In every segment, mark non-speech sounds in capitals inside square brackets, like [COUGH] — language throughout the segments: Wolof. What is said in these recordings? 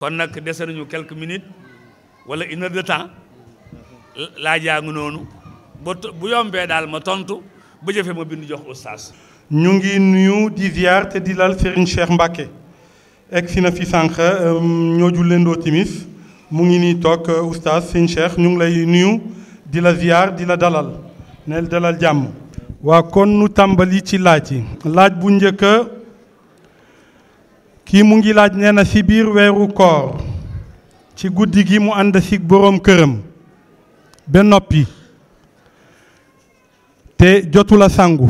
kon nag dese nañu quelques minutes wala une heure de temps laa jaangu noonu ba bu yombee daal ma tontu ba jëfe ma bind jox oustaz. ñu ngi nuyu di ziar te di lal Serigne Cheikh Mbacke egg si na fi sànq euh, ñoo julleendoo timis mu ngi nii toog euh, oustaz Serigne Cheikh ñu ngi lay nuyu di la ziar di la dalal neel dalal jàmm. waa kon nu tàmbali ci laaj yi. laaj bu njëkk. kii mu ngi laaj nee na ci biir weeru koor ci guddi gi mu ànd ci boroom këram ba noppi te jotul a sangu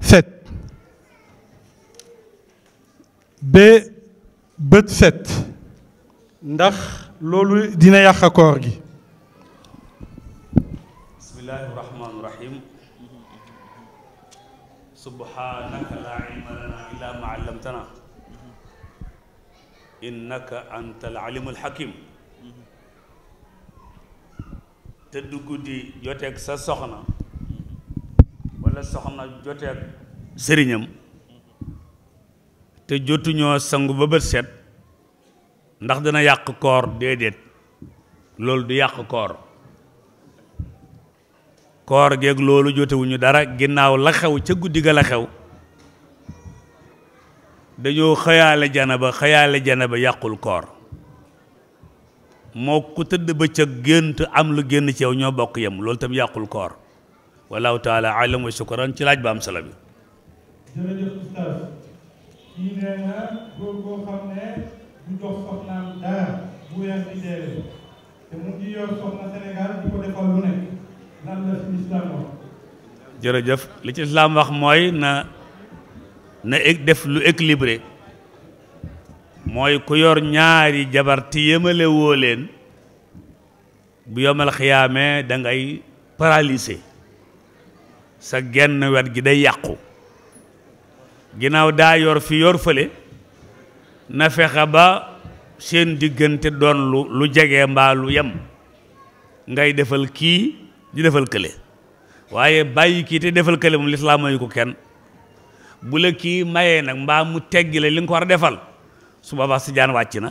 set ba bët set ndax loolu dina yàq koor gi subhaanaka laa ilma lanaa illaa maa allamtanaa innaka anta al-aliimul hakiim tëdd guddi joteeg sa soxna wala soxna joteeg sëriñam te jotuñoo sangu ba bët set ndax dana yàq koor déedéet loolu di yàq koor koor geeg loolu jotewuñu dara ginnaaw la xew ca guddi ga la xew dañoo xëyaale janaba xëyaale ba yàqul koor moo ku tëdd ba bëccëg gént am lu génn ci yow ñoo bokk yem loolu tam yàqul koor wallahu taala alam wa ci laaj ba am solo bi te mu ngi yor soxna Sénégal di ko defal lu nekk jërëjëf li ci islaam wax mooy na na def lu équilibré mooy ku yor ñaari jabar te yemale woo leen bu yomal xiyaamee da ngay sa genn wet gi day yàqu ginnaaw daa yor fi yor fële na fexe ba seen diggante doon lu lu jege mbaalu lu yem ngay defal kii ñu defal kële waaye bàyyi kii te defal kële moom lislaam mayu ko kenn bu la kii mayee nag mbaa mu teggi la li nga ko war a defal su boobaa si jaan wàcc na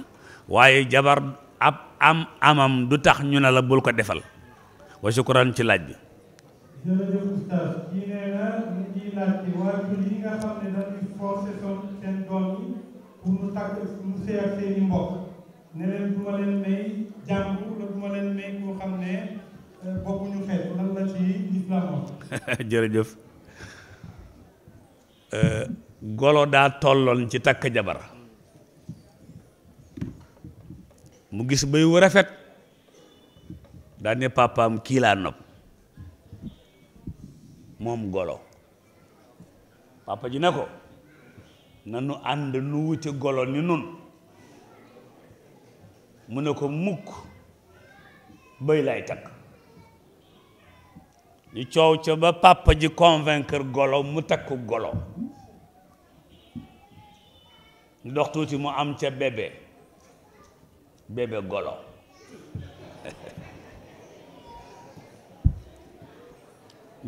waaye jabar ab am amam du tax ñu ne la bul ko defal wa shukran ci laaj bi jërëjëf oustaz kii nee na ñu ngi laajte waajur nga xam ne dañuy forcé seen doom yi mu tàkk mu seet seeni mbokk ne leen ma leen may jàmm la ma leen may koo xam ne bokku ñu [LAUGHS] euh, golo daa tolloon ci takk jabar mu gis bëy wu rafet daa ne papaam kii laa nopp moom golo papa ji ne ko nu ànd nu wuti golo ni nun mu ne ko mukk bëy lay takk ñu coow ca ba papa ji convaincre golo mu takku golo ñu dox tuuti mu am ca bébé bébé golo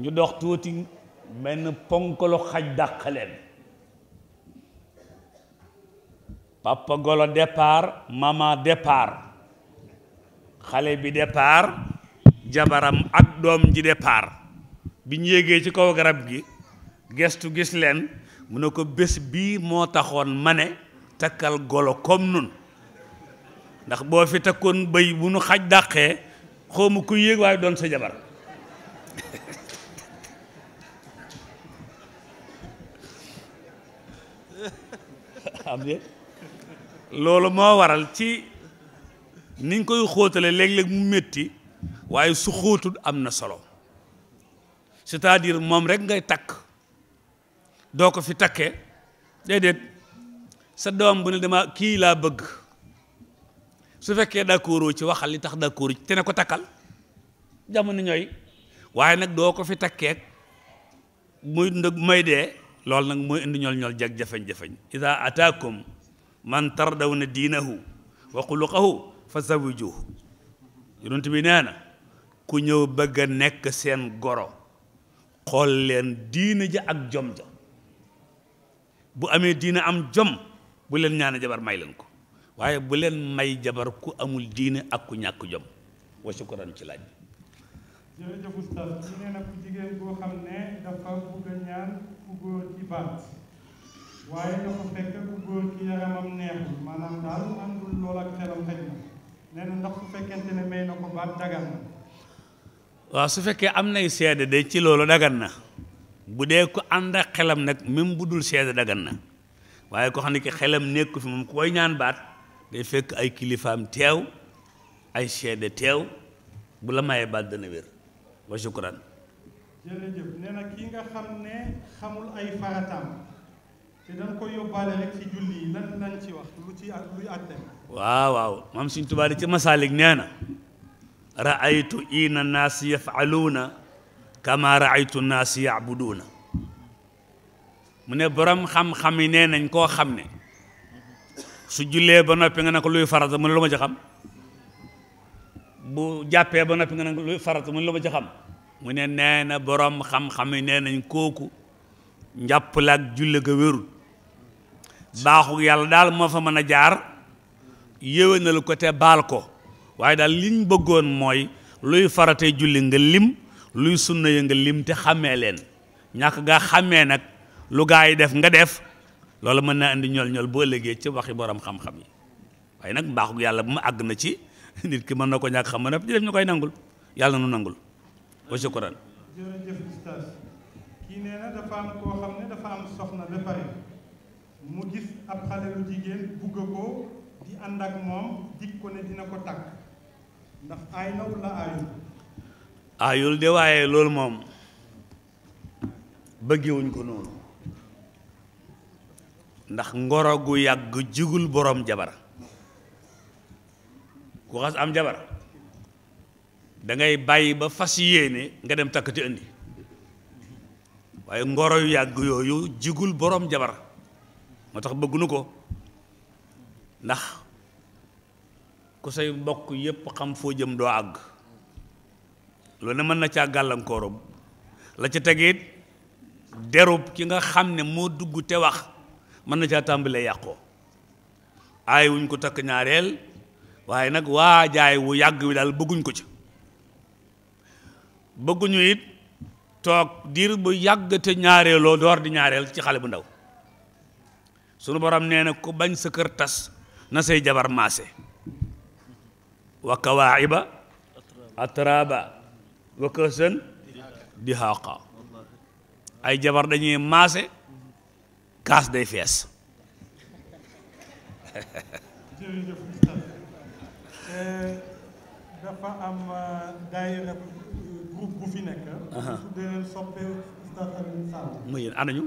ñu dox tuuti benn ponkolo xaj dàq leen papa golo départ maman départ xale bi départ jabaram ak doom ji départ bi ñu yéegee ci kaw garab gi gestu gis leen mu ne ko bés bii moo taxoon ma ne takkal golo comme nun ndax boo fi takkoon bëy bu nu xaj dàqee xawma ku yéeg waaye doon sa jabar [LAUGHS] am de loolu moo waral ci niñ koy xóotale léeg-léeg mu metti waaye su xóotul am na solo cest à moom rek ngay takk doo ko fi takkee déedéet sa doom bu ne dama kii laa bëgg su fekkee d'accord ci waxal li tax d'accord ci te ko takkal jamono ñooy waaye nag doo ko fi takkeek muy ndëg may dee loolu nag mooy indi ñool ñool jag jafeñ-jafeñ ida ataakum man tardawna diinahu wa xuluqahu fa zawijuhu yonent bi nee na ku ñëw bëgg a nekk seen goro xool leen diina ja ak jom ja bu amee diina am jom bu leen ñaana jabar may leen ko waaye bu leen may jabar ku amul diina ak ku ñàkk jom wa shukran ci laaj jërëjëf oustaz ñu nee na ku jigéen boo xam ne dafa bugg a ñaan ku góor ci baat waaye dafa fekk ku góor ci yaramam neexul maanaam daal àndul lool ak xelam xaj nee ndax su fekkente ne may na ko baat dagan na waaw su fekkee am na nay seede de ci loolu dagan na bu dee ko ànd ak xelam nag même bu dul seede dagan na waaye ko xam ne ki xelam nekku fi moom koy ñaan baat day fekk ay kilifaam teew ay seede teew bu la mayee baat dana wér wa shukran jërëjëf ki nga xam ne xamul ay farataam waaw waaw maam suñ tubaab ci masaalik nee raaytu ina naas yafaluuna kama raaytu naas yaabuduuna mu ne borom xam-xam yi nee nañ koo xam ne su jullee ba noppi nga ne ko luy farata mu ne lu ma ci xam jàppee ba noppi nga ne ko luy farata mu ne lu na borom xam-xam yi nee nañ kooku njàpp la ak julli ga baaxu yàlla daal moo fa mën a jaar yéwénal ko te baal ko waaye daal liñ bëggoon mooy luy faratee julli nga lim luy sunna ya nga lim te xàmmee leen ñàkk nga xàmmee nag lu gaa yi def nga def loolu mën naa indi ñool-ñool boo ëllëgee ci waxi borom xam-xam yi waaye nag mbaaxu yàlla bu ma àgg na ci nit ki mën na ko ñàkk xam na di def ñu koy nangul yàlla nu nangul mu gis ab xale lu jigéen bugg ko di ànd ak moom dig ko ne dina ko takk ndax aay na walla aayul aayul de waaye loolu moom bëggewuñ ko noonu ndax ngoro gu yàgg jigul boroom jabar ku xas am jabar dangay bàyyi ba fas yéene nga dem takk te indi waaye ngoro yu yàgg yooyu jigul boroom jabar moo tax bëgguñu ko ndax ku say mbokk yépp xam foo jëm doo àgg loolu ne mën na caa gàllankooram la ca tegit derub ki nga xam ne moo dugg te wax mën na caa tàmbalee yàqoo aay wuñ ko takk ñaareel waaye nag waajaay wu yàgg wi daal bëgguñ ko ci bëgguñu it toog diir bu yàgg te ñaareeloo door di ñaareel ci xale bu ndaw sunu borom nee na ku bañ sa kër tas na say jabar maase wa kawaayiba atraaba wa kësën di xaaqa ay jabar dañuy maase kaas day fees jërëjëf [LAUGHS] dafa am uh, daayira ñu.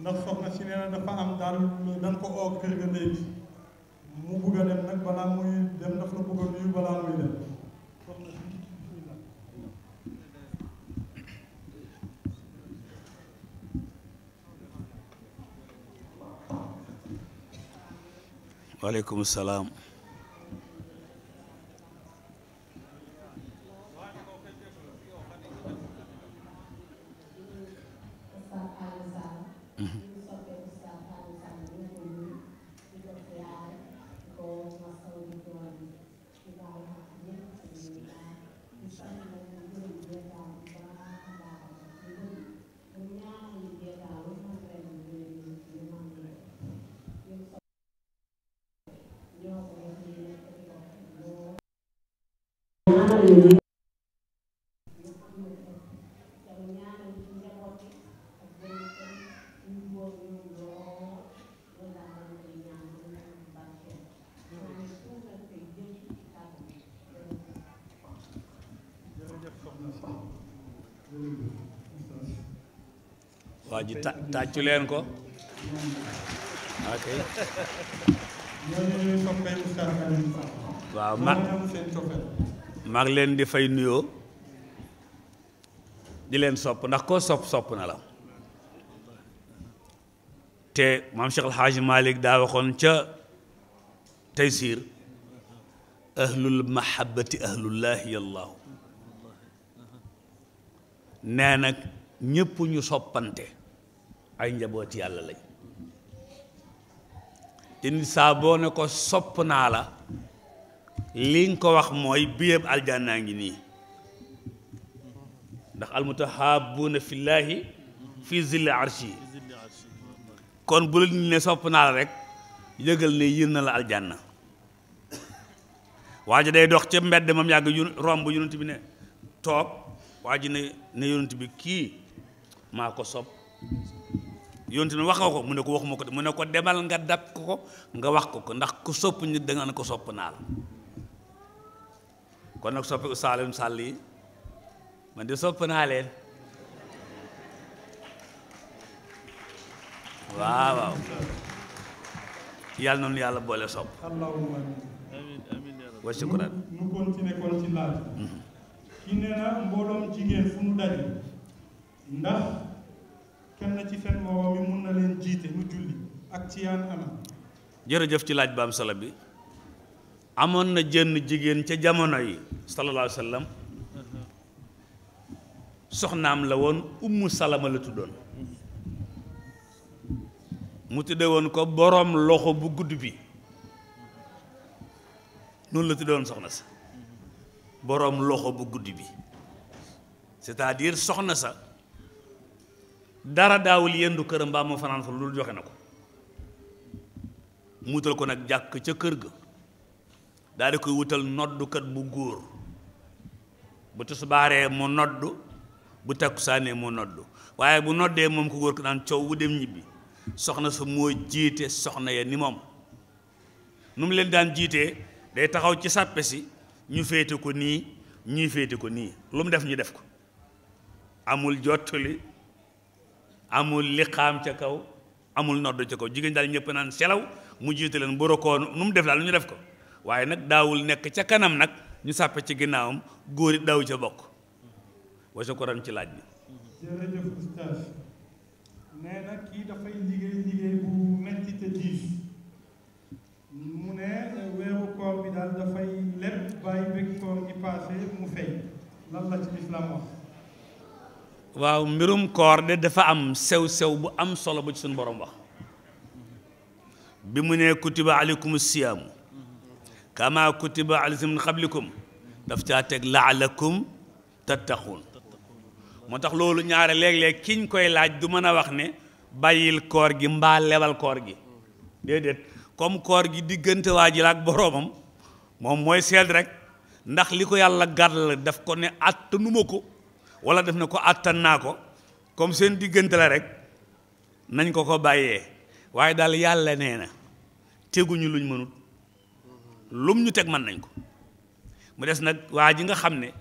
ndax soxna si nee dafa am daal dañ ko oo kër ga ndey mu bugg a dem nag balaa muy dem daf balaa muy dem soxna si salaam nii waa ji tàccu leen ko ok [LAUGHS] waaw ma maa leen di fay nuyoo di leen sopp ndax koo sopp sopp na la te maam Cheikh El Hadj daa waxoon ca Taysiir ahlul mahabbati ahlullahi yallaahu nee nag ñépp ñu soppante ay njaboot yàlla lañ te nit ne ko sopp naa la li nga ko wax mooy biyeeb aljanna ngi nii ndax almutahabuuna fillaahi fi zilli arshi kon bu la ne sopp naa la rek yëgal ne yër na la aljanna waa ji day dox ca mbedd moom yàgg romb yonent bi ne toog waa ji ne ne yonent bi kii maa ko sopp yonent bi wax nga ko mu ne ko waxuma ko mu ne ko demal nga dab ko ko nga wax ko ko ndax ku sopp nit da ne ko sopp naa la kon nag soppi Oustaz Alioune Sall yi man di sopp naa leen waaw waaw yàlla noonu yàlla boole sopp allahumma amiin wa shukran ci laaj mhm. ki nee na mbooloom jigéen fu mu daje ndax kenn ci fen woowa mi mun na leen jiite nu julli ak ci yaan anam jërëjëf ci laaj ba solo bi amoon na jënn jigéen ca jamono yi sallallahu alayhi soxnaam la woon ummu salama la tuddoon mu tëdde woon ko boroom loxo bu gudd bi noonu la tudde soxna sa boroom loxo bu guddi bi cest à soxna sa dara daawul yendu këram mbaa mu fanaan fa loolu joxe na ko muutal ko nag jàkk ca kër ga daal di koy wutal noddukat bu góor bu tisbaaree mu noddu bu takkusaanee mu noddu waaye bu noddee moom ko góor ko naan coow bu dem ñibbi soxna sa moo jiite soxna ya ni moom nu mu daan jiitee day taxaw ci sàppe si ñu féete ko nii ñuy féete ko nii lu def ñu def ko amul jottali amul liqaam ca kaw amul nodd ca kaw jigéen daal ñëpp naan selaw mu jiite leen bu nu mu def daal lu ñu def ko waaye nag daawul nekk ca kanam nag ñu sàppe ci ginnaawam góor it daaw ca bokk wasa ko ram ci laaj bi nee na kii dafay liggéey liggéey bu metti diis mu ne weeru koor bi daal dafay lépp bàyyi bég koor gi passé mu fay lan la ci lislaam waaw mbirum koor de dafa am sew-sew bu am solo bu ci suñu borom wax bi mu ne kutiba aleykum siyaamu kama kutiba alasi min xablikum daf caa teg laalakum tattaquun moo tax loolu ñaare léeg-léeg kiñ koy laaj du mën a wax ne bàyyil koor gi mbaa lebal koor gi déedéet comme koor gi diggante waa ji la ak boroomam moom mooy seet rek ndax li ko yàlla gàll daf ko ne àttanuma ko wala daf ne ko àttan naa ko comme seen diggante la rek nañ ko ko bàyyee waaye daal yàlla nee na teguñu luñ mënul lum ñu teg mën nañ ko mu des nag waa ji nga xam ne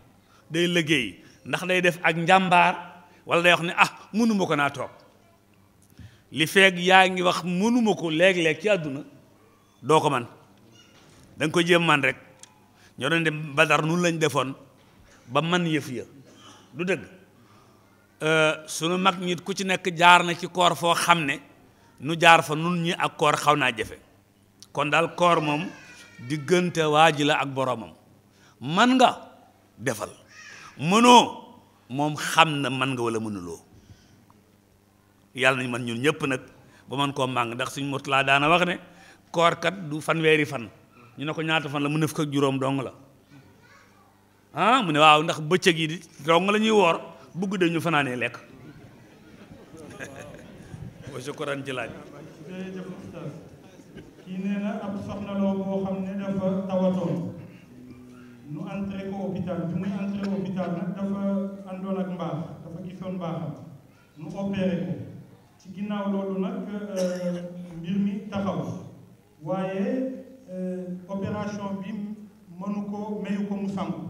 day liggéey ndax day def ak njàmbaar wala day wax ne ah mënuma ko naa toog li feeg yaa ngi wax mënuma ko léeg-léeg ci àdduna doo ko man da ko jëm man rek ñoo doon dem badar nun lañ defoon ba man yëf ya du dëgg euh, sunu mag ñit ku ci nekk jaar na ci koor foo xam ne nu jaar fa nun ñi ak koor xaw naa jafe kon daal koor moom diggante waa ji la ak boroomam man nga defal mënoo moom xam na man nga wala mënuloo yàlla nañ man ñun ñëpp nag ba man koo màng ndax suñ motulaa daana wax ne koorkat du fanweeri fan ñu ne ko ñaata fan la mu nëf ko juróom dong la ah mu ne waaw ndax bëccëg yi dong la ñuy woor bugg de ñu fanaanee lekk wa [LAUGHS] shukran kii nee na ab soxnaloo boo xam ne dafa tawatoon nu entré ko hôpital bi muy entré hôpital nag dafa àndoon ak mbaax dafa gisoon mbaaxam nu opéré ko ci ginnaaw loolu nag euh, mbir mi taxaw waaye euh, opération bi mënu ko mayu ko mu sangu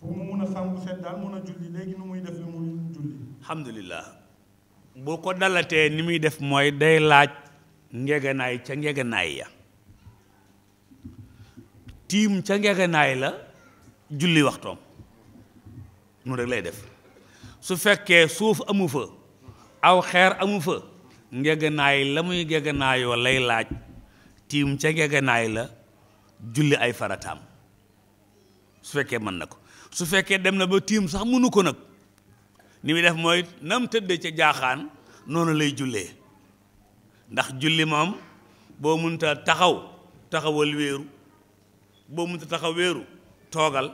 pour mu mun a sangu set daal mun a julli léegi nu muy def lu muy julli alhamdulilah bu ko dalatee ni muy def mooy day laaj ngeganaay ca ngeganaay ya tiim ca ngeganaay la julli waxtoom mu rek lay def su fekkee suuf amu fa aw xeer amu fa ngeganaay la muy ngeganaayoo lay laaj tiim ca ngeganaay la julli ay farataam su fekkee mën na ko su fekkee dem na ba tiim sax mënu ko nag ni muy def mooy nam tëdd ca jaaxaan noonu lay jullee ndax julli moom boo munta taxaw taxawal wéeru boo munta taxaw wéeru toogal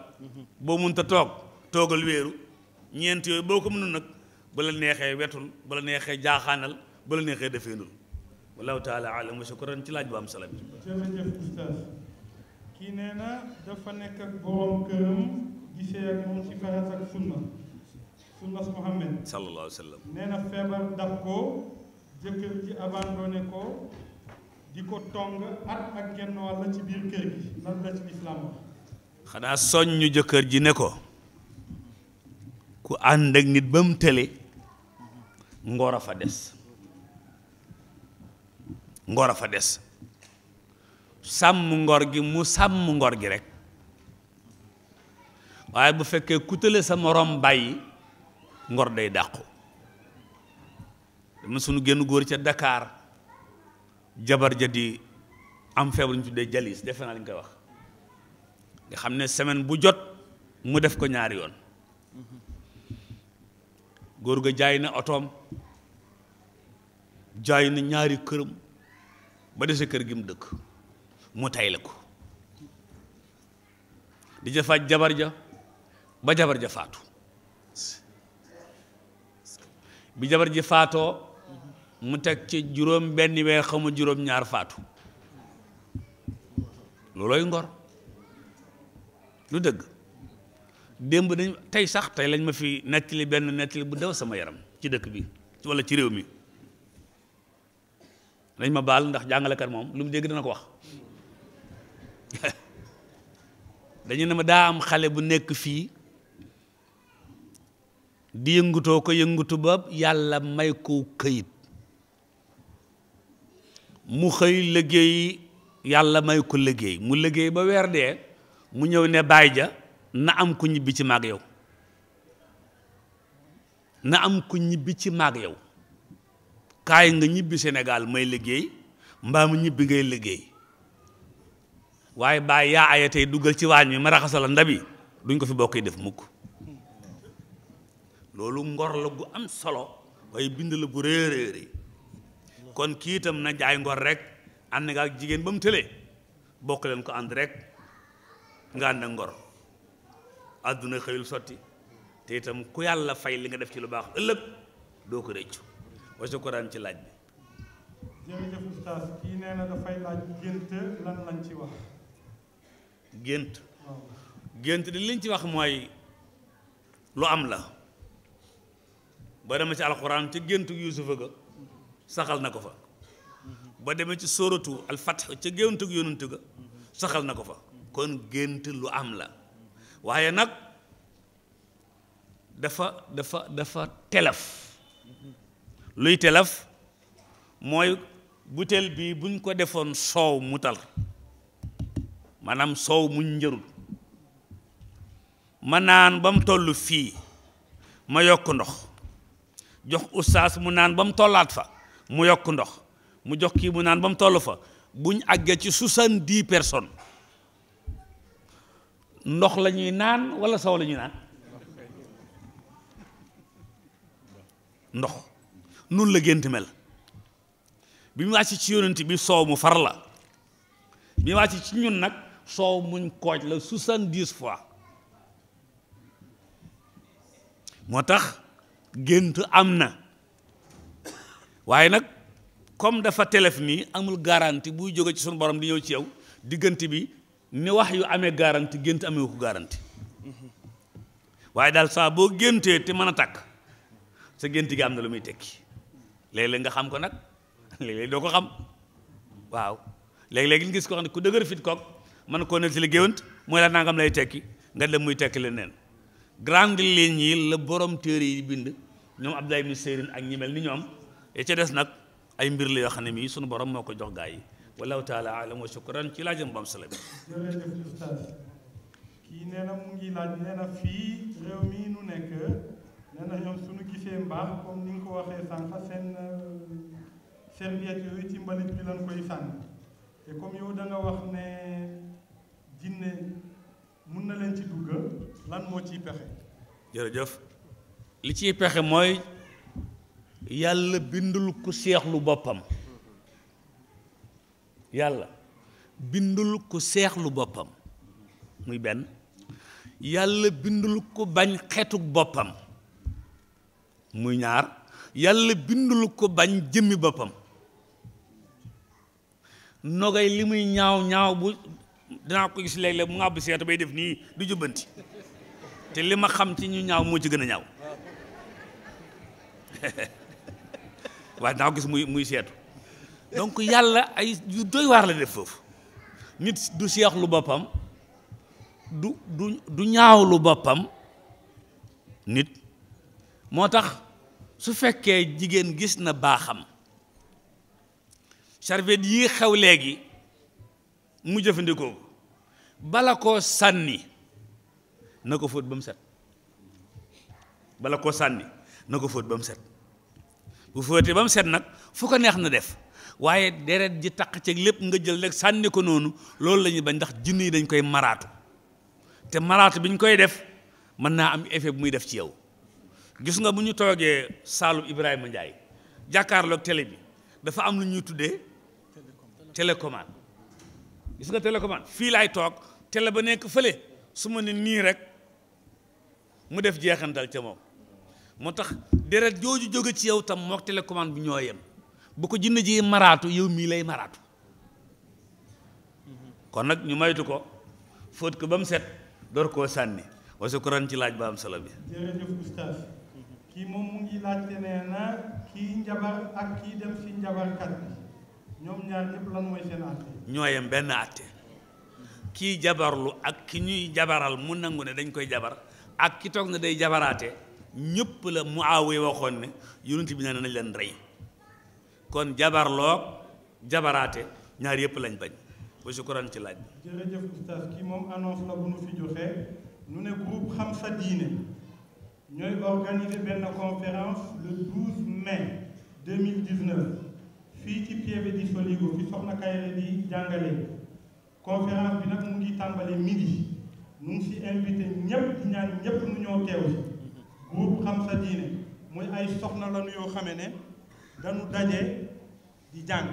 boo munta toog toogal wéeru ñeent yooyu boo ko mënul nag ba neexee wetul ba neexee jaaxaanal ba la neexee defeenul wallahu taala alam wa shukran ci laaj bu am solo bi kii nee na dafa nekk ak këram gisee ak moom ci farat ak sunna sunnas Muhammad sallallahu alayhi wa sallam nee na feebar dab ko jëkkër ji abandonné ko di ko tong at ak genn wàll ci biir kër gi xanaa soññu jëkkër ji ne ko ku ànd ak nit ba mu tële ngor fa des ngor a fa des sàmm ngor gi mu sàmm ngor gi rek waaye bu fekkee ku tële sa moroom bàyyi ngor day dàqu dem na sunu génn góor ca dakaar jabar ja di am feebar ñu tuddee jalis defe naa lañ koy wax nga xam ne semaine bu jot mu def ko ñaari yoon góor ga jaay na otoom jaay na ñaari këram ba dese kër gi mu dëkk mu tay la ko di jafaaj jabar ja ba jabar ja faatu bi jabar ji faatoo mu teg ci juróom benn weer xamu juróom ñaar faatu loolooy ngor lu dëgg démb dañ tey sax tey lañ ma fi nettali benn nettali bu daw sama yaram ci dëkk bi walla ci réew mi dañ ma baal ndax jàngalekat moom lu mu dégg dana ko wax [LAUGHS] dañu ne ma daa am xale bu nekk fii di yëngutoo ko yëngutu ba yàlla may ko këyit mu xëy liggéey yàlla may ko liggéey mu liggéey ba weer dee mu ñëw ne baay ja na am ku ñibbi ci maag yow na am ku ñibbi ci maag yow kaay nga ñibbi Sénégal may liggéey mbaa mu ñibbi ngay liggéey waaye baay yaa aya tey duggal ci waañ mi ma raxasala ndabi duñ ko fi bokk def mukk loolu ngor la gu am solo waaye bind la gu réeréer kon kii itam na jaay ngor rek ànd nga ak jigéen ba mu tëlee bokk leen ko ànd rek nga ànd ak ngor àdduna xëyul sotti te itam ku yàlla fay li nga def ci lu baax ëllëg doo ko rëccu wasa ko ci laaj bi gént gént gént di liñ ci wax mooy lu am la ba dama ci alxuraan ca géntu yusufa ga saxal na ko fa ba demee ci sóoratu alfatx ca géwantug yonantu ga saxal na ko fa kon gént lu am la waaye nag dafa dafa dafa telaf luy telaf mooy butéel bi buñ ko defoon soow mu tal maanaam soow muñ njërul ma naan ba mu toll fii ma yokk ndox jox ustaas mu naan ba mu tollaat fa mu yokk ndox mu jox kii mu naan ba mu toll fa buñ àggee ci soixante-dix personnes ndox lañuy naan wala saw la ñuy naan ndox nun la gént mel bi mu wàcc ci yonent bi soow mu far la bi mu wàcc ci ñun nag soow muñ kooj la soixante-dix fois moo tax gént am na waaye nag comme dafa telef nii amul garanti buy jóge ci suñu borom di ñëw ci yow diggante bi ni wax yu amee garanti gént amee ko garanti waaye daal saa boo géntee te mën a takk sa gént gi am na lu muy tekki léeg-léeg nga xam ko nag léeg doo ko xam waaw léeg-léeg nga gis koo xam ne ku dëgër fit kook mën koo nekk ci li géwant mooy la nangam lay tekki nga dem muy tekki leneen grande ligne yi la borom téere yi bind ñoom Abdoulaye ibn Sirin ak ñi mel ñoom et des nag ay mbir la yoo xam ne mii suñu borom moo ko jox gaa yi wallahu taala alam wa shukran ci laajam bam sala bi kii nee na mu ngi laaj nee na fii réew mii nu nekk nee na ñoom suñu gisee mbaax comme ni nga ko waxee sànq seen serviette yooyu ci mbalit bi koy sànni te comme yow da nga wax ne jinne mun na leen ci dugg lan moo ciy pexe jërëjëf li ciy pexe mooy yàlla bindul ku seexlu boppam yàlla bindul ko seexlu boppam muy benn yàlla bindul ku bañ xetuk boppam muy ñaar yàlla bindul ko bañ jëmmi boppam nogay li muy ñaaw ñaaw bu dinaa ko gis léeg-léeg mu ngàbb seetu bay def nii du jubbanti te li ma xam ci ñu ñaaw moo ci gën a ñaaw [LAUGHS] waaye naa ko gis muy muy seetu donc yàlla ay yu doy waar la def foofu nit du seex lu boppam du du du ñaaw lu boppam nit moo tax su fekkee jigéen gis na baaxam serviette yii xew léegi mu jëfandikoo bala koo sànni na ko fóot ba mu set bala koo sànni na ko fóot ba mu set bu fóotee ba mu set nag fu ko neex na def waaye deret ji taq ceeg lépp nga jël rek sànni ko noonu loolu la ñuy bañ ndax jinne yi dañ koy maraatu te maraatu bi ñu koy def mën naa am effet bu muy def ci yow gis nga bu ñu toogee Saalum Ibrahima njaay jàkkaarloog tele bi dafa am lu ñuy tuddee tele télécommande gis nga tele télécommande fii laay toog tele ba nekk fële su ma ne nii rek mu def jeexantal ca moom moo tax deret jooju jóge ci yow tam mook télécommande bi ñoo yem bu ko jinne ji maraatu yow mii lay maraatu kon nag ñu maytu ko fóot ko ba mu set door koo sànni wasa kuran ci laaj ba am solo bi nee na kii njabar ak kii dem ci njabarkat bi ñoom ñaar ñëpp lan mooy seen àtte ñooyem benn àtte kii jabarlu ak ki ñuy jabaral mu nangu ne dañ koy jabar ak ki toog na day jabaraate ñëpp la mu Muawiya waxoon ne yonent bi nee nañ leen rey kon jabarloog jabaraate ñaar yëpp lañ bañ ba sukkuraan ci laaj bi. jërëjëf oustaz kii moom annonce la bu nu fi joxee ñu ne groupe xam sa diine ñooy organiser benn conférence le 12 mai fii ci Pieve di Soligo fi soxna Kayre di jàngale conférence bi nag mu ngi tàmbale midi ñu ngi si invité ñëpp di ñaan mu ñëw teew groupe xam sa diine muy ay soxna lañu yoo xame ne dañu daje di jàng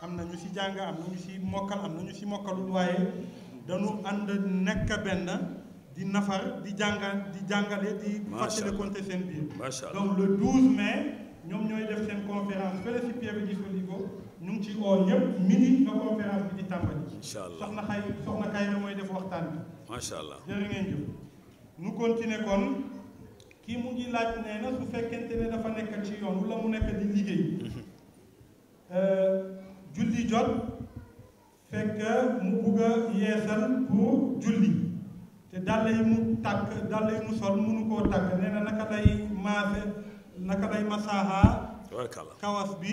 am na ñu si jàng am na ñu si mokkal am na ñu si mokkalul waaye dañu ànd nekk benn di nafar di jàngal di jàngale di fàttali compté seen biir donc le 12 mai ñoom ñooy def seen conférence fële si Pierre Gilles ñu ci oo ñëpp midi nga conférence bi di tàmbali incha allah soxna xay soxna mooy def waxtaan bi macha allah jërë ngeen jëf ñu kon kii mu ngi laaj nee na su fekkente ne dafa nekk ci yoon wala mu nekk di liggéey [LAUGHS] euh, julli jot fekk mu bugg yeesal pour julli te dàll yi mu tàkk dàll yi mu sol mënu koo tàkk nee naka lay maase naka lay masaaha kawas bi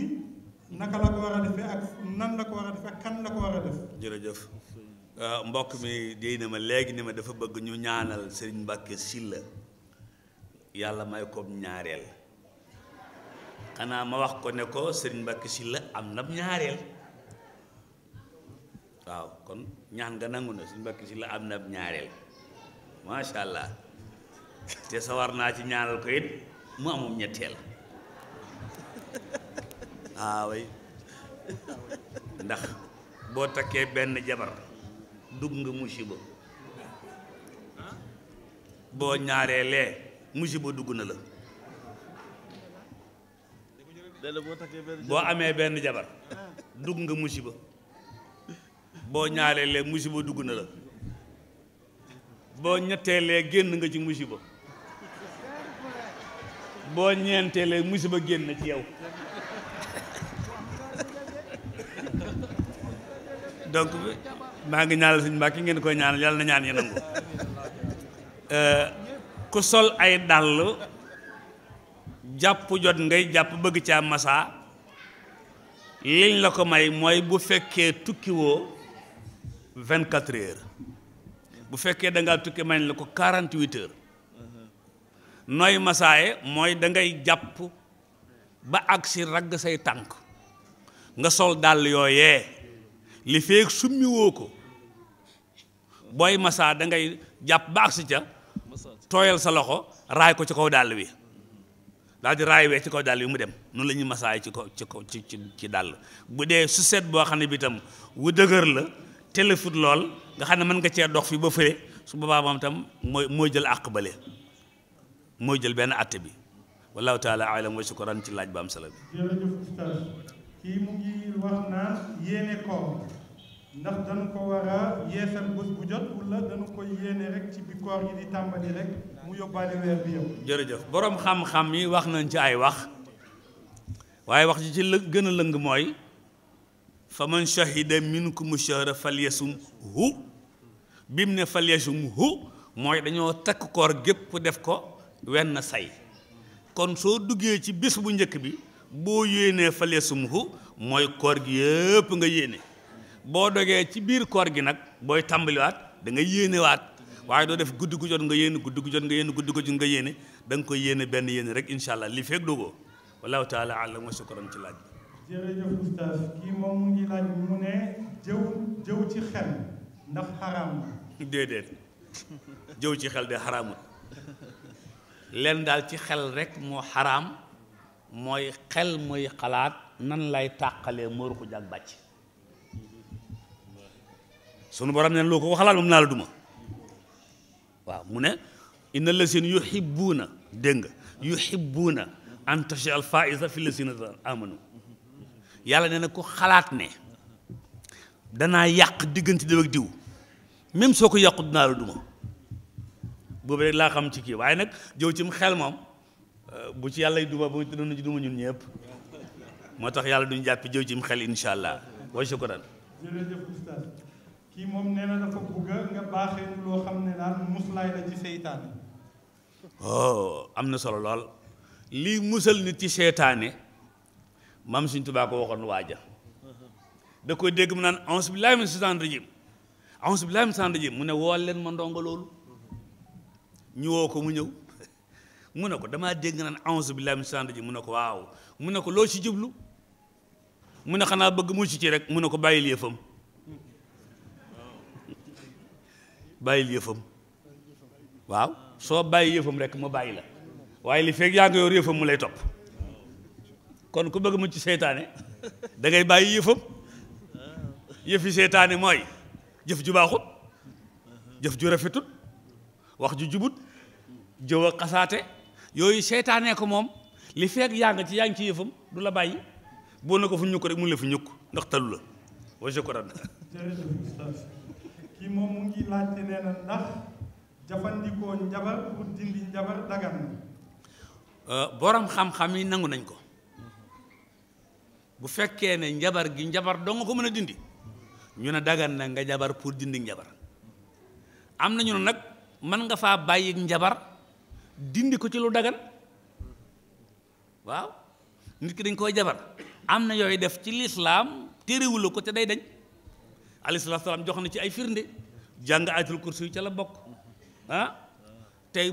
naka la ko war a defee ak nan la ko war a defee ak kan la ko war a def jërëjëf euh, mbokk mi déy na ma léegi ni ma dafa bëgg ñu ñaanal Serigne Mbacke Sylla yàlla may ko ñaareel xanaa ma wax ko ne ko sëriñ si la am na ñaareel waaw kon ñaan nga nangu na sëriñ Mbàkke Sylla am na ñaareel macha allah [LAUGHS] te sawar naa ci ñaanal ko it mu amum ñetteel waaw [LAUGHS] ah, ndax boo takkee benn jabar dugg nga musiba boo ñaareelee musiba dugg na la boo amee benn jabar dugg nga musiba boo ñaareelee musiba dugg na la boo ñetteelee génn nga ci musiba boo ñeenteelee musiba génn ci yow donc maa ngi ñaanal suñu mbàkk ngeen koy ñaan yàlla na ñaan yi nangu euh, ku sol ay dàll jàpp jot ngay jàpp bëgg ca masa liñ la ko may mooy bu fekkee tukki woo vingt quatre heures bu fekkee da tukki may la ko quarante huit heures masaa masaaye mooy dangay jàpp ba agsi ragg say tànk nga sol dàll yooyee li feeg summi ko booy masaa da ngay jàpp ba agsi ca tooyal sa loxo raay ko ci kaw dàll wi daal raay wee ci kaw dàll wi mu dem noonu la ñuy masaay ci kaw ci kaw ci ci dàll bu dee su set boo xam ne bi tam wu dëgër la telefut lool nga xam ne mën nga cee dox fii ba fële su boobaa moom tam mooy mooy jël àq bale mooy jël benn atte bi wallahu mooy alam ko shukran ci laaj ba am solo bi. mu ngi wax naan yéene ko ndax dañu ko war a yeesal bés bu jot wala dañu koy yéene rek ci bi koor yi di tàmbali rek mu yóbbaale weer bi yow. jërëjëf borom xam-xam yi wax nañ ci ay wax waaye wax ji ci lë gën a lëng mooy fa man shahida minkum shahra falyasum hu bi mu ne falyasum hu mooy dañoo takk koor gépp def ko wenn say kon soo duggee ci bis bu njëkk bi boo yéenee falyasum hu mooy koor gi yëpp nga yéene boo dogee ci biir koor gi nag booy tàmbaliwaat da nga yéenewaat waaye doo def guddi gu jot nga yéene guddi gu jot nga yéene guddi gu jot nga yéene da nga koy yéene benn yéene rek incha allah li feeg dogoo wallahu taala alam wa shukran ci laaj bi jërëjëf oustaz kii moom mu ngi laaj mu ne jëw jëw ci xel ndax xaraam na [LAUGHS] déedéet jëw ci xel de xaraamut leen daal ci xel rek moo xaraam mooy xel mooy xalaat nan lay tàqalee mooru ko jag bàcc sunu borom ne loo ko waxalaat moom naa la duma waaw mu ne inna lazina yuhibbuuna dégg nga yuhibbuuna an tashi al faisa fi lazina amanu yàlla nee na ko xalaat ne danaa yàq diggante diw ak diw même soo ko yàqu dinaa la duma boobu rek laa xam ci kii waaye nag jëw ci mu xel moom bu ci yàlla duma bu doon ci duma ñun ñëpp moo tax yàlla duñu jàppi jëw ci mu xel insha allah wa kii moom nee na dafa bëgg nga baaxee loo xam ne daal muslaay la ci seytaane oh, am na solo lool lii musal nit ci seytaane maam suñ tubaa ko waxoon waaja da koy dégg mu naan auzu billaahi mina seytaani rajiim auzu billaahi mina seytaani mu ne wool leen ma ndongo loolu ñu woo ko mu ñëw mu ne ko damaa dégg naan auzu billaahi mina seytaani rajiim mu ne ko waaw mu ne ko loo ci jublu mu ne xanaa bëgg mu ci ci rek mu ne ko bàyyil yëfam bàyyil yëfam waaw soo bàyyi yëfam rek mu bàyyi la waaye li fekk yaa ngi yor yëfam mu lay topp kon ku bëgg mu ci seytaane dangay bàyyi yëfam yëfi seytaane mooy jëf ju jëf ju rafetut wax ju jubut jëw a xasaate yooyu seytaane ko moom li fekk yaa ngi ci yaa ngi ci yëfam du la bàyyi boo na ko fu ñukk rek mu la fu ñukk ndax talu la wa shukran kii moom mu ngi laajte nee na ndax jafandikoo njabar pour dindi njabar dagan na euh, borom xam-xam yi nangu nañ ko bu fekkee ne njabar gi njabar doo nga ko mën a dindi ñu ne dagan na nga jabar pour dindi njabar am na ñu ne nag mën nga faa bàyyi njabar dindi ko ci lu dagan waaw nit ki dañ koy jabar am na yooyu def ci lislaam téerewula ko te day dañ alayhi salaam jox na ci ay firnde jàng ayatul kursi yu ca la bokk ah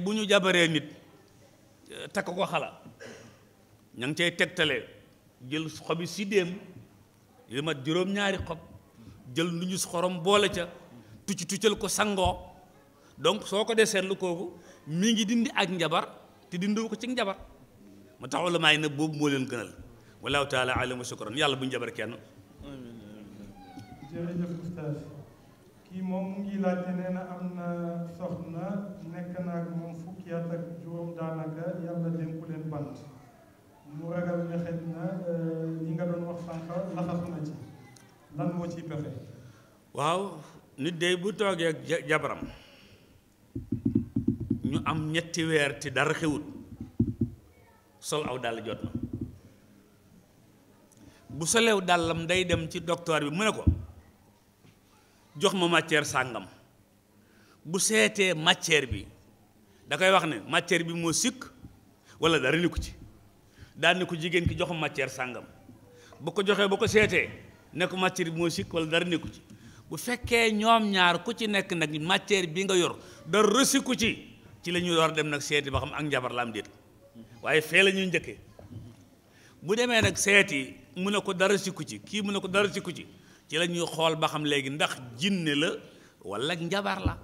bu ñu jabaree nit euh, takk ko xala ña ngi cay tegtale jël xobi sidéem li mat juróom-ñaari xob jël lu ñu xorom boole ca tucc tuccal ko sangoo donc soo ko dee seetlu kooku mi ngi dindi ak njabar te dindiwu ko ci njabar ma taxaw la maay nag boobu moo leen gënal wallahu taala alam wa shukran yàlla bu ñu jabar kenn kii moom mu ngi laajte nee na am na soxna nekk na ak moom fukki ak juróom daanaka yàlla dénku leen bant mu ragal ne na ñi euh, nga doon wax sànq laxas ci lan moo ciy pexe waaw nit day bu toogee jabaram ñu am ñetti weer te dara xewut sol aw dàll jot na bu solew dàllam day dem ci docteur bi mu ne ko jox ma matière sàngam bu seetee matière bi da koy wax ne matière bi moo sikk wala dara ni ci daan ko jigéen ki jox ma matière sàngam bu ko joxee bu ko seetee nekk ko bi moo sikk wala dara ni ci bu fekkee ñoom ñaar ku ci nekk nag matière bi nga yor dara rësi ku ci ci la ñu war dem nag seeti ba xam ak njabar la am déet waaye fee la ñuy njëkkee bu demee nag seeti mu ne ko dara sikku ci kii mun ne ko dara sikku ci ci la ñuy xool ba xam léegi ndax jinne la walla njabar la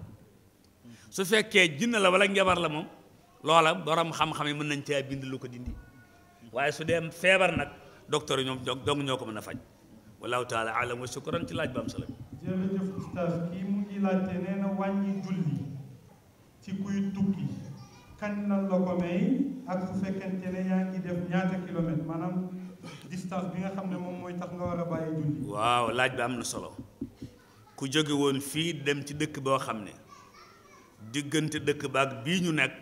su fekkee jinne la wala njabar la moom loola borom xam-xam yi mën nañ cee bind lu ko dindi waaye su dee feebar nag docteur yi ñoom jog ñoo ko mën a faj wallahu taala alam wa shukran ci laaj ba am solo bi jërëjëf oustaz kii mu ngi laajte nee na wàññi julli ci kuy tukki kañ nan la ak su fekkente ne yaa ngi def ñaata kilomètre maanaam moom mooy waaw laaj bi am na solo ku jóge woon fii dem ci dëkk boo xam ne diggante dëkk baag bii ñu nekk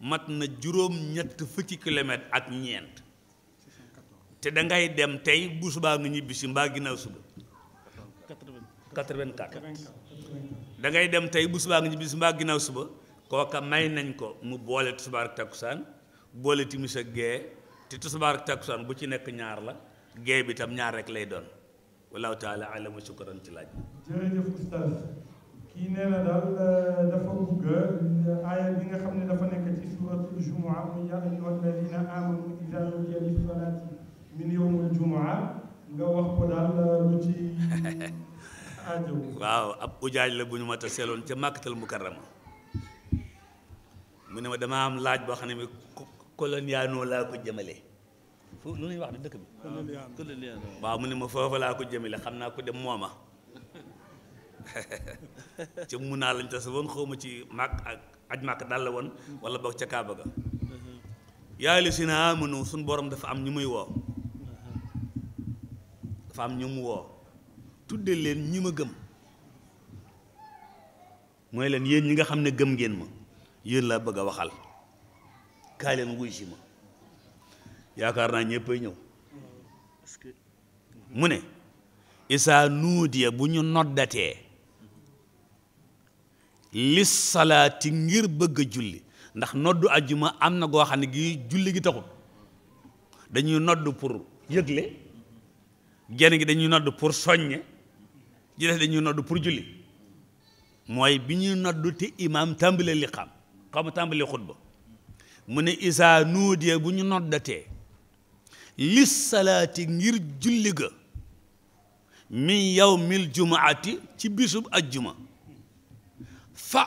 mat na juróom ñett fukki kilomètre ak ñeent te da ngay dem tey bu subaa nga ñibbi si mbaa ginnaaw suba 84 da ngay dem tey bu subaa nga ñibbi mbaa ginnaaw suba kooka may nañ ko mu boole tisbaar ak takkusaan boole timis ak gee te tisbaar ak takkusaan bu ci nekk ñaar la géey bi tam ñaar rek lay doon wallahu taala alama sukkuran ci laaj jërëjëf oustaz kii nee na daal euh, dafa bugg euh, aaya bi nga xam ne dafa nekk ci suratul jumua mu yaa ayyuha alladina amanu ida nga wax ko daal euh, lu ci [LAUGHS] aajo waaw ab ujaaj la bu ñu ma ta seeloon ca màkkatal mukarrama mu ne ma dama am laaj boo xam ne mi Coloniano laa ko jëmale foofu lu wax ne dëkk bi. Coloniano waaw mu ne ma foofa laa ko jëmale xam naa ko dem mooma [LAUGHS] ca mun naa lañ tase woon xaw ma ci màkk ak aj màkk daal la woon wala boog ca Kaaba ga. Uh-huh. yaa llazina aamanu suñu borom dafa am ñu muy woo uh-huh. dafa am ñu mu woo tudde leen ñi ma gëm mooy leen yéen ñi nga xam ne gëm ngeen ma yéen laa bëgg a waxal. kaay leen wuy si ma yaakaar naa ñëppay ñëw mu ne isaa nuudiya bu ñu noddatee lis salaati ngir bëgg julli ndax noddu ajjuma am na goo xam ne gi julli gi taxul dañuy noddu pour yëgle genn gi dañuy nodd pour soññe ji dañuy noddu pour julli mooy bi ñuy nodd te imaam tàmbalee li xam xaw ma tàmbalee xutba mu ne isaa nuudiya bu ñu noddatee lis salaati ngir julli ga min mil jumaati ci bisub ajjuma fa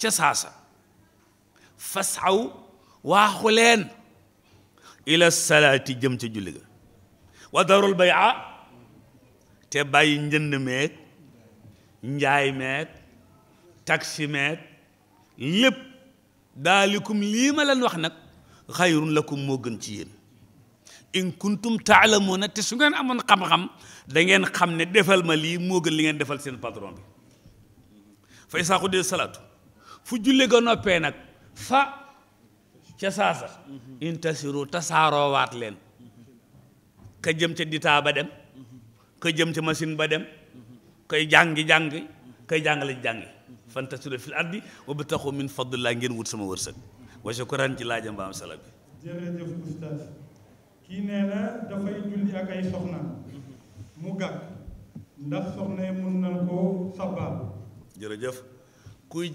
ca saasa fasaw waaxu leen ila salaati jëm ca julli ga wa darul bay'a te bàyyi njënd meeg njaay meeg taksi meeg lépp daalikum lii ma leen wax nag la lakum moo gën ci yéen in kuntum taalamuuna te su ngeen amoon xam-xam da xam ne defal ma lii moo gën li ngeen defal seen patron bi fa isaa xuddi salaatu fu julle ga noppee nag fa ca saasa intasiru tasaaroo waat leen ka jëm ca ditaa ba dem ka jëm ca machine ba dem kay jàngi jàngi kay jàngale jàngi fantasiru fil ardi wa btaxu min fadlillah ngeen wut sama wërsëg wa shukran ci laajam ba am kii nee na dafay julli ak ay soxna mu gàkk ndax soxna yi mën nañ koo sabbaal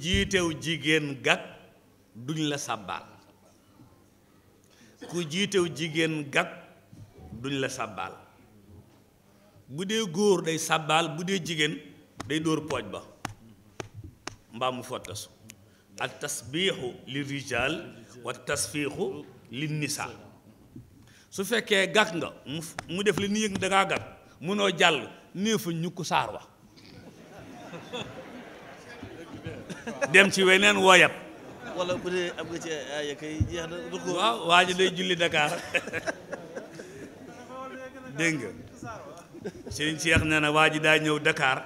jiitew jigéen gàkk duñ la sabbaal ku jiitew jigéen gàkk duñ la sabbaal bu dee góor day sabbaal bu dee jigéen day dóor pooj ba mbaa mu fottasu al tasbiixu li rijaal wa tasfiixu li nisaa su fekkee gàkk nga mu mu def li ni yëg dangaa gàkk munoo jàll nee fa ñukk saar wa dem ci weneen wooyab wala bu dee am nga ci ay kay jeex na du waa ji day julli Dakar dégg nga sëriñ Cheikh waa ji daa ñëw Dakar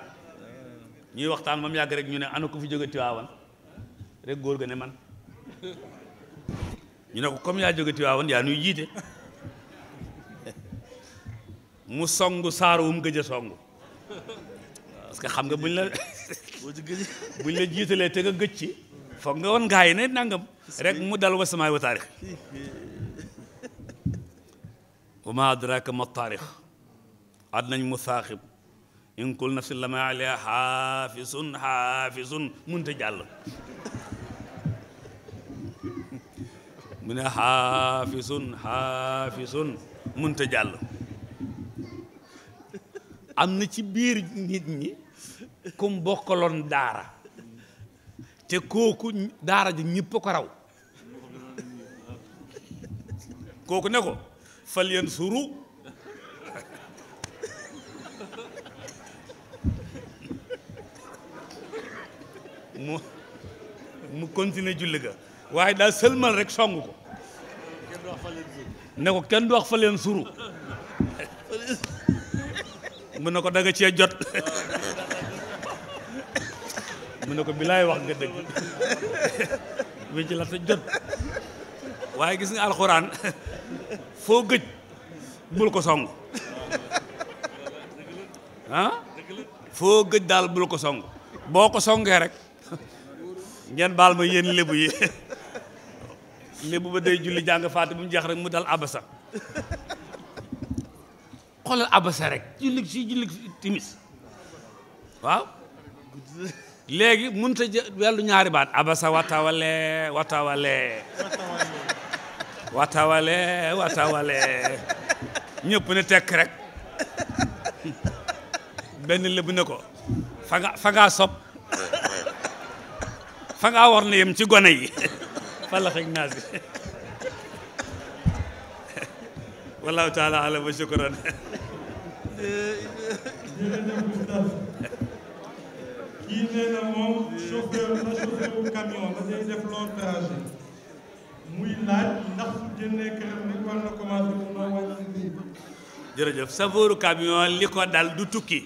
ñuy waxtaan moom yàgg rek ñu ne ana ko fi jóge Tiwaawan rek góor ga ne man ñu ne ko comme yaa jóge Tiwaawan yaa nuy jiite mu song saar wu mu gëj a song parce que xam nga buñ la [LAUGHS] buñ la jiitalee te nga gëj ci foog nga woon gaa yi ne nangam rek mu dal wa samaay wa taarix [LAUGHS] wa ma adraka ma taarix ad nañ mu saaxib in kul nafsin lama alayha xaafisun xaafisun munta jàll mu ne xaafisun xaafisun munta jàll am na ci biir nit ñi kum bokkaloon daara te kooku daara ji ñëpp ko raw kooku ne ko fal yansuru mu mu continuer julli ga waaye daal sëlmal rek song ko ne kenn du wax fa leen suru mu na ko daga cee jot mu ne ko bilaay wax nga dëgg bi la ta jot waaye gis nga alxuraan foo gëj bul ko song ah foo gëj daal bul ko song boo ko songee rek ngeen baal ma yéen lébu yi lébu ba day julli jàng faati bu mu jeex rek mu dal abasa xoolal abasa rek julli si julli timis waaw léegi mënut a wellu ñaari baat abasa watawale watawale watawale watawale ñëpp ne tekk rek benn lébu ne ko fa nga fa ngaa sob fa ngaa war na yem ci gone yi [LAUGHS] falax ak naas yi [LAUGHS] wallahu taala alam wa shukran [LAUGHS] kii nee na moom chauffeur la chauffeur bu camion la day def long trajet muy laaj ndax su li ko dal du tukki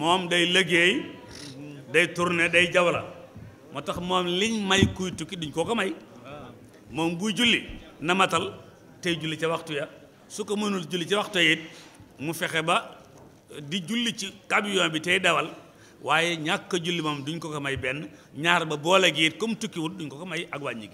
moom day liggéey day tourné day jawla moo tax moom liñ may kuy tukki duñ koo ko may moom buy julli na matal tey julli ca waxtu ya su ko mënul julli ca waxtu ya mu fexe ba euh, di julli ci camion bi tey dawal waaye ñàkk julli moom duñ ko ko may benn ñaar ba boole gi it comme tukkiwut duñ ko ko may ak wàññi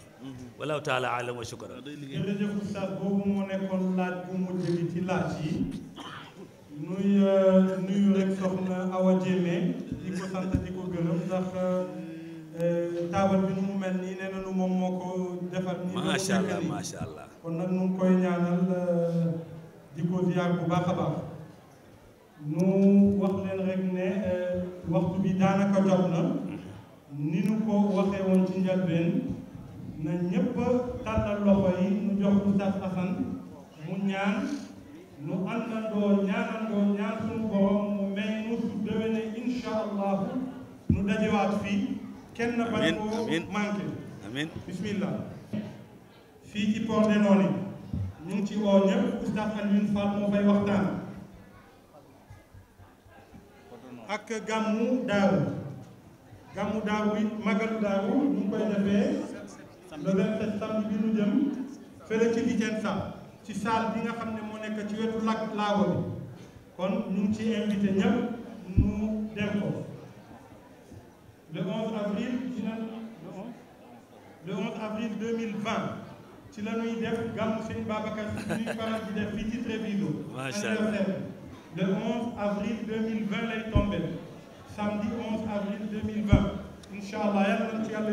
Euh, taabal bi nu mu mel nii nee nañu moom moo ko defar nii macha allah macha kon nag nu ngi koy ñaanal euh, di ko ziar bu baax a baax nu wax leen rek ne euh, waxtu bi daanaka jot na ni nu ko waxee woon ci njëlbeen na ñépp tàllal loxo yi nu jox Oustaz Assane mu ñaan nu àndandoo ñaanandoo ñaan suñu borom mu may nu su déwénee incha allahu nu dajewaat fii kenn bañ koo manqué amiin bismillah fii ci port noonu ñu ngi ci oo ñëpp Oustaz Alioune Fall ci Vicenza bi nga xam ne moo nekk ci wetu lak laago bi kon ñu ngi ci invité ñëpp ñu dem ko le 11 avril ci la le avril 2020 ci la ñuy def gàmmu sëñ Babacar di def fii ci Tréviso le avril 2020 lay tombé avril 2020 incha allah yàlla na ci yàlla